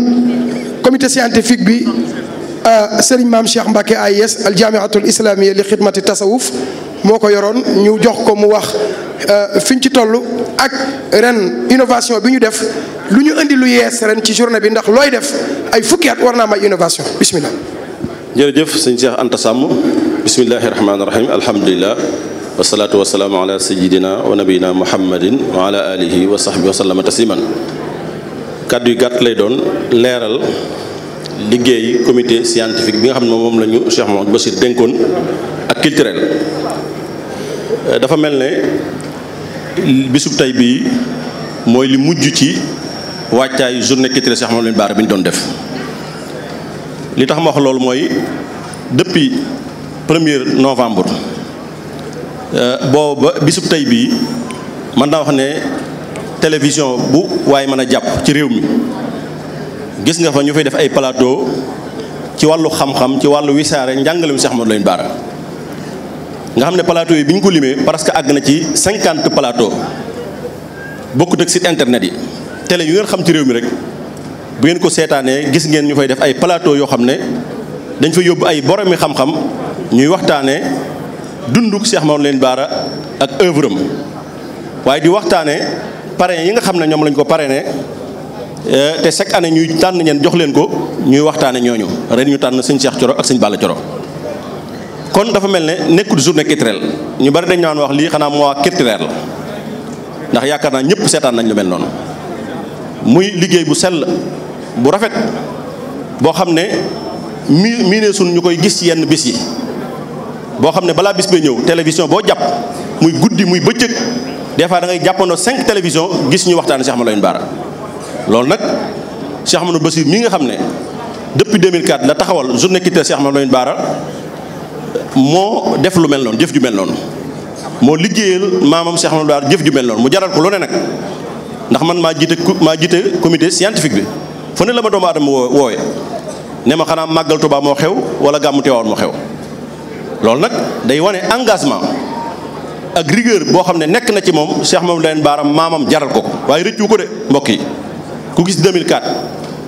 ñun comité scientifique bi euh, sëriñ maam Cheikh Mbacke AIS aljamiatul islamia li xidmati tasawuf moo ko yoroon ñu jox ko mu wax euh, fiñ ci toll ak ren innovation bi ñu def lu ñu indi lu yees ren ci journée bi ndax looy def ay fukki at war naa may innovation bismillah jërëjëf sëñ Cheikh Anta Samb bismillahi rahmaani rahim alhamdulilah wasalaatu wasalaamu ala sayidina wa nabiyina muhammadin wa ala alihi wa sahbi wa sallama kàddu yu gàtt lay doon leeral liggéey comité scientifique bi nga xam ne moom la ñu Cheikh Mamadou Bassir dénkoon ak culturel euh, dafa mel ne bisub tey bii mooy li mujj ci wàccaayu journée culturelle Cheikh Mamadou Lamine Bara bi ñu doon def li tax ma wax loolu mooy depuis premier novembre euh, booba bisub tey bii mën naa wax ne télévision bu waaye mën a jàpp ci réew mi gis nga fa ñu fay def ay plateau ci wàllu xam-xam ci wàllu wisaare mu Cheikh Ahmadou Lamine Bara nga xam ne palato yi bi ñu ko limee parce que àgg na ci cinquante plateau bokkut ak site internet yi télé yu ngeen xam ci réew mi rek bu ngeen ko seetaanee gis ngeen ñu fay def ay plateau yoo xam ne dañ fa yóbbu ay boromi xam-xam ñuy waxtaanee dunduk Cheikh Ahmadou Lamine Bara ak œuvre am waaye di waxtaanee parrain yi nga xam ne ñoom lañ ko pare parrainé euh, te chaque année ñuy tànn ñeen jox leen ko ñuy waxtaane ñooñu ren ñu tànn sëñ Cheikh Thioro ak sëñ bala Thioro kon dafa mel ne nekkul journée culturelle ñu bari dañ naan wax lii xanaa mois culturel la ndax yaakaar naa ñëpp seetaan nañ lu mel noonu muy liggéey bu sell bu rafet boo xam ne mi miinee sun ñu koy gis yenn bis yi boo xam ne balaa bis bee ñëw télévision boo jàpp muy guddi muy bëccëg des fois da ngay jàppandoo cinq télévision gis ñu waxtaan Cheikh Amadou Lamine Bara loolu nag Cheikh Amadou Bassir mi nga xam ne dëpp depuis 2004 la taxawal journée culturelle Cheikh Amadou Lamine Bara moo def lu mel noonu jëf ju mel noonu moo liggéeyal maamam Cheikh Amadou Bara jëf ju mel noonu mu jaral ko lu ne nag ndax man maa jiite maa jiite comité scientifique bi fu ne la ma doomu aadama woowe ne ma xanaa màggal Tuubaa moo xew wala gàmmu Tiwaawan moo xew loolu nag day wane engagement ak rigueur boo xam ne nekk na ci moom Cheikh Mamadou Lamine Bara maamam jaral ko ko waaye rëccu ko de mbokk yi ku gis 2004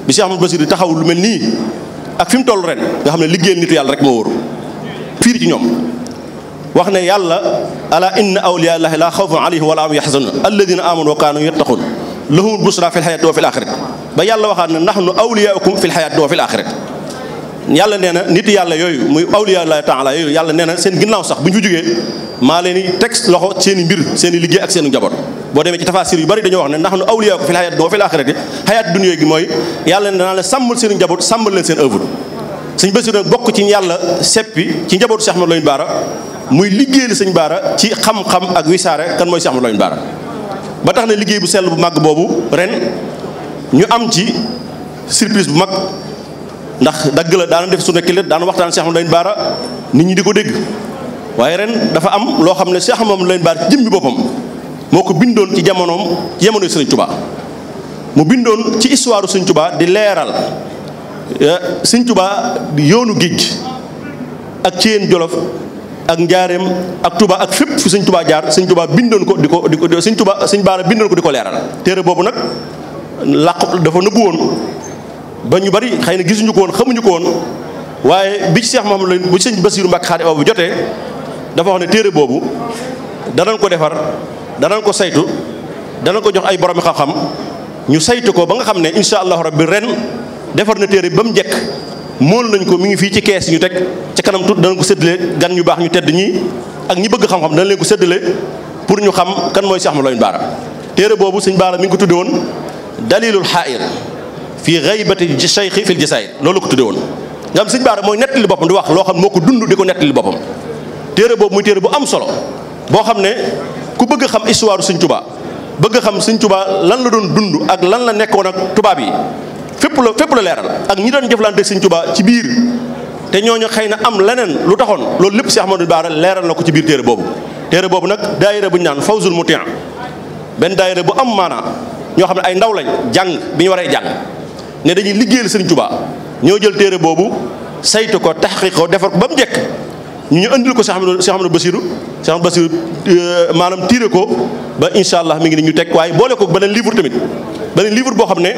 bi Cheikh Mamadou Bassirou taxaw lu mel nii ak fi mu toll ren nga xam ne liggéey nitu yàlla rek moo wóor fiir ci ñoom wax ne yàlla ala inna awliya llahi la xawfun alayhim wala hum yaxzanun alladina amanu wa kaanu yattaqun lahumul busra fi lxayaati wa fi laxirat ba yàlla waxaat ne nahnu awliyaukum fi lxayaati wa fi laxirat yàlla nee na nit yàlla yooyu muy awliya llahi taala yooyu yàlla neena seen ginnaaw sax bu ñu jugee maa leen di teg loxo seeni i mbir seen liggéey ak seenu njaboot boo demee ci tafaasir yu bari dañoo wax ne ndax nu awliyaa ko fi la xayaat doo fi la axirati xayaat dunya gi mooy yàlla ne danaa la sàmmal seen njaboot sàmmal leen seen œuvre sëñ Basiru bokk ci yàlla seppi ci njabootu Cheikh Bara muy liggéeyal sëñ Bara ci xam-xam ak wisaare kan mooy Cheikh Ahmadou Lamine Bara ba tax na liggéey bu sell bu màgg boobu ren ñu am ci surprise bu mag ndax dagg la daana def su nekk daana waxtaan Cheikh Ahmadou Lamine Bara nit ñi di ko dégg waaye ren dafa am loo xam ne Cheikh Mouhamadou Lamine Bara ci jëmmi boppam moo ko bindoon ci jamonoom ci jamonoy Serigne Touba mu bindoon ci histoire Serigne Touba di leeral eh, Serigne Touba yoonu géej ak ci yéen Jolof ak njaareem ak Touba ak fépp fu Serigne Touba jaar Serigne Touba bindoon ko di ko di ko Serigne Touba Serigne Bara bindoon di ko leeral téere boobu nag làq dafa nëbbu woon ba ñu bari xëy na gisuñu ko woon xamuñu ko woon waaye bi ci Cheikh Mouhamadou Lamine bu Serigne Bassirou Mbacké Khadim bu jotee dafa wax ne téere boobu danañ ko defar danañ ko saytu dana ko jox ay borom xam-xam ñu saytu ko ba nga xam ne incha allahu rabbi ren defar na téere ba mu njëkk mool nañ ko mu ngi fii ci kees ñu teg ci kanam tu dana ko séddale gan ñu baax ñu tedd ñi ak ñi bëgg xam-xam dana leen ko séddale pour ñu xam kan mooy sax ma Lamine Bara téere boobu sëñ Baara mi ngi ko tudde woon dalilul xaayir fii xaybati cheikhi fil jasaayir loolu ko tudde woon nga xam sëñ Baara mooy nettali boppam wax loo xam moo ko dund di ko nettali boppam téere boobu muy téere bu am solo boo xam ne ku bëgg xam histoire Sëñ tubaa bëgg xam Sëñ tubaa lan la doon dund ak lan la nekkoon ak tubaab yi fépp la fépp la leeral ak ñi doon jëflante Sëñ tubaa ci biir te ñoo ñu xëy na am leneen lu taxoon loolu lépp Cheikh Ahmadou Bara leeral na ko ci biir téere boobu téere boobu nag daayira bu ñu naan Fawzul Mutian benn daayira bu am maanaa ñoo xam ne ay ndaw lañ jàng bi ñu waree jàng ne dañuy liggéeyal Sëñ Tuubaa ñoo jël téere boobu saytu ko taxqiq ko defar ba mu njëkk ñu andil ko Cheikh Amadou Cheikh Amadou Bassirou Cheikh Amadou Bassirou euh, maanaam tiire ko ba incha allah mi ngi ni ñu teg waaye boole ko beneen livre tamit beneen livre boo xam ne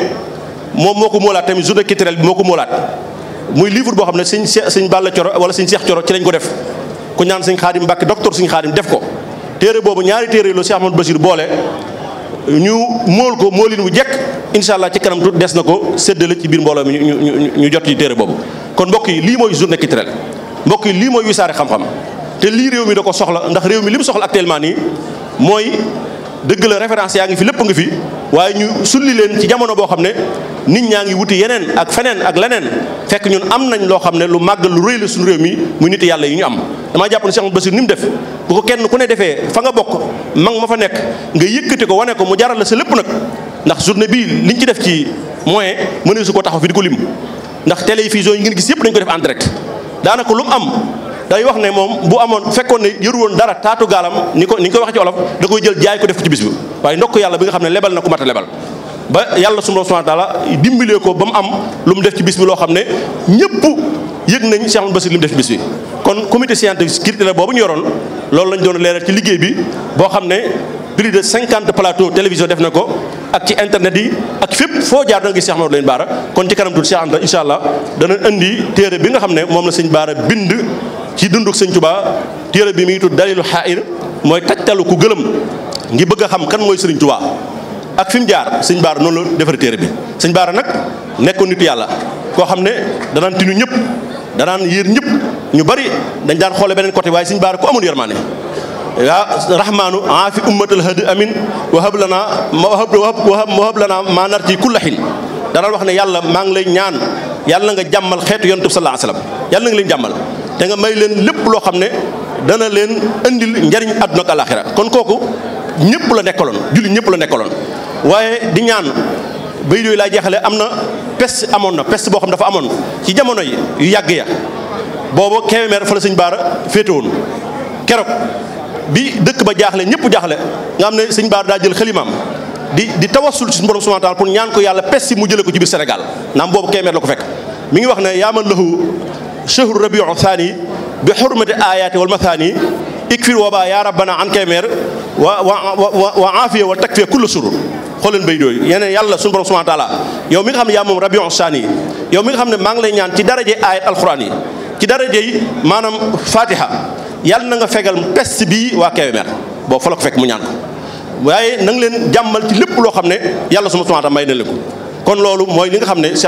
moom moo ko moolaat tamit journée culturelle bi moo ko moolaat muy livre boo xam ne sëñ sëñ Balla Coro wala sëñ Cheikh Coro ci lañ ko def ku ñaan sëñ Xaadim Mbàkke docteur sëñ Xaadim def ko téere boobu ñaari téere la Cheikh Amadou Bassirou boole ñu mool ko moolin wu jekk incha allah ci kanam tuut des na ko séddale ci biir mbooloo mi ñu ñu ñu jot yi téere boobu kon mbokk yi lii mooy journée culturelle mbokk yi lii mooy wisaare xam-xam te lii réew mi da ko soxla ndax réew mi li mu soxla actuellement nii mooy dëgg la référence yaa ngi fi lépp nga fi waaye ñu sulli leen ci jamono boo xam ne nit ñaa ngi wuti yeneen ak feneen ak leneen fekk ñun am nañ loo xam ne lu màgg lu rëy la suñu réew mi muy nit yàlla yu ñu am. damaa jàpp ne Cheikh Bassirou ni mu def bu ko kenn ku ne defee fa nga bokk mag ma fa nekk nga yëkkati ko wane ko mu jaral la sa lépp nag ndax journée bi liñ ci def ci moyen mëneesu ko taxaw fi di ko lim ndax télévision yi ngeen gis yëpp dañ ko def en daanaka lu mu am day wax ne moom bu amoon fekkoon ne yëru woon dara taatu gaalam ni ko ni ko waxee ci olof da koy jël jaay ko def ko ci bis bi waaye ndokk yàlla bi nga xam ne lebal na ku mat a lebal ba yàlla sunu subhanahu wa dimbalee ko ba mu am lu mu def ci bis bi loo xam ne ñëpp yëg nañ Cheikh Ahmadou Bassir li mu def ci bis bi kon comité scientifique critère boobu ñu yoroon loolu lañ doon leeral ci liggéey bi boo xam ne plus de cinquante plateau télévision def na ko ak ci internet yi ak fépp foo jaar da nga gis Cheikh Mouhamadou Lamine Bara kon ci kanam tuuti Cheikh Anta incha allah dana indi téere bi nga xam ne moom la sëñ Bara bind ci dunduk sëñ Tuubaa téere bi mi ngi tudd dalilu xaayir mooy tajtalu ku gëlëm ngi bëgg a xam kan mooy sëriñ Tuubaa ak fi mu jaar sëñ Bara noonu la defari téere bi sëñ Bara nag nekkoon nitu yàlla koo xam ne danaan tinu ñëpp danaan yéer ñëpp ñu bari dañ daan xoole beneen côté waaye sëñ Bara ku amul yërmaane yaa rahmaanu a fi ummatal hadi amin wahab lana wahab wahab lana maa nar ci kulla xil dana wax ne yàlla maa ngi lay ñaan yàlla nga jàmmal xeetu yonent bi sallallahu alayhi wasallam yàlla nga leen jàmmal te nga may leen lépp loo xam ne dana leen indil njariñ àdduna ak alaxira kon kooku ñëpp la nekkaloon julli ñëpp la nekkaloon waaye di ñaan bay yooyu laa jeexale am na peste amoon na peste boo xam dafa amoon ci jamono yi yu yàgg ya booba Kébémer fa la sëñ Baara féete woon keroog bi dëkk ba jaaxle ñëpp jaaxle nga xam ne sëñ Bara daa jël xalimaam di di tawassul ci suñu borom subhanahu wa taala pour ñaan ko yàlla pes si mu jële ko ci biir Sénégal naam boobu keemeer la ko fekk mi ngi wax ne yaa man lahu chahru rabiu thani bi xurmati ayaati wal mathani ikfir waba yaa rabbana an keemeer wa wa wa aafiya wa takfiya kulla surur xooleen bay dooyu yeneen yàlla suñu borom subhanahu wa taala yow mi nga xam ne yaa moom rabiu thani yow mi nga xam ne maa ngi lay ñaan ci daraje ayat alquran yi ci daraje yi maanaam fatiha yàlla na nga fegal peste bii waa Kébémer boo fa la fekk mu ñaan ko waaye na leen jàmmal ci lépp loo xam ne yàlla suma subhaanahu wa may na leen ko kon loolu mooy li nga xam ne